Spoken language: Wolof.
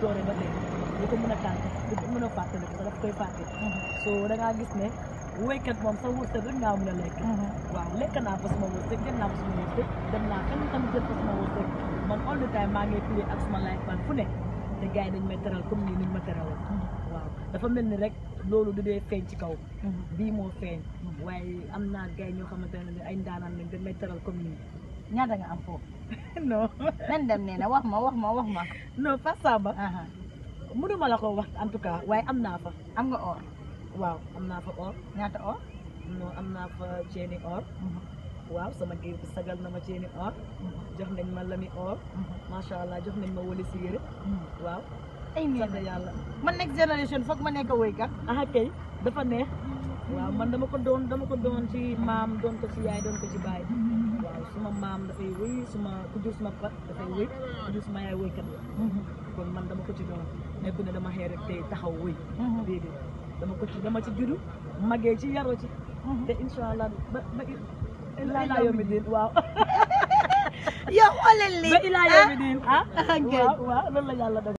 dooree ba tey mën a tànk du ko a fàttali ko mhm. gis ne woykat moom sa wërsëg rek ngaa a lekk mhm. waaw lekk naa fa sama wërsëg jël naa fa sama wërsëg dem maa ngi play ak sama life band fu ne te yi dañ may comme nii niñ ma mhm. dafa mel ni rek loolu du dee feeñ ci kaw bii moo feeñ waaye am naa gars yi ñoo xamante ne ay ndaanaan lañ dañ may teral comme nii nyada nga am no, no nan dem nee na wax ma wax ma wax ma non pas samba mudu mala ko wax en tout cas am fa am nga or waaw am fa or nyata or no am fa or mhm. waaw sama géej sagal na ma or mhm. jox nañ ma lami or mhm. sha allah jox nañ ma wali sire waaw ay sa yalla man nek generation, foog ma way ka ah kay dafa neex waaw man dama ko don dama ko don ci mam don ko ci yaay don ko ci baye maam dafay wëy suma ku jur suma pat dafay wëy ku jur yaay wëykat la mhm. kon man dama ko ci doon nekku ne dama xëy tey taxaw wëy mhm. déedéet dama ko ci dama ci juddu magee ci yaroo ci mhm. te incha allah ba ba laa yoomi diin waaw yow xoolal lii ba ilaa yoomi diin ah, ah waaw waaw loolu la yàlla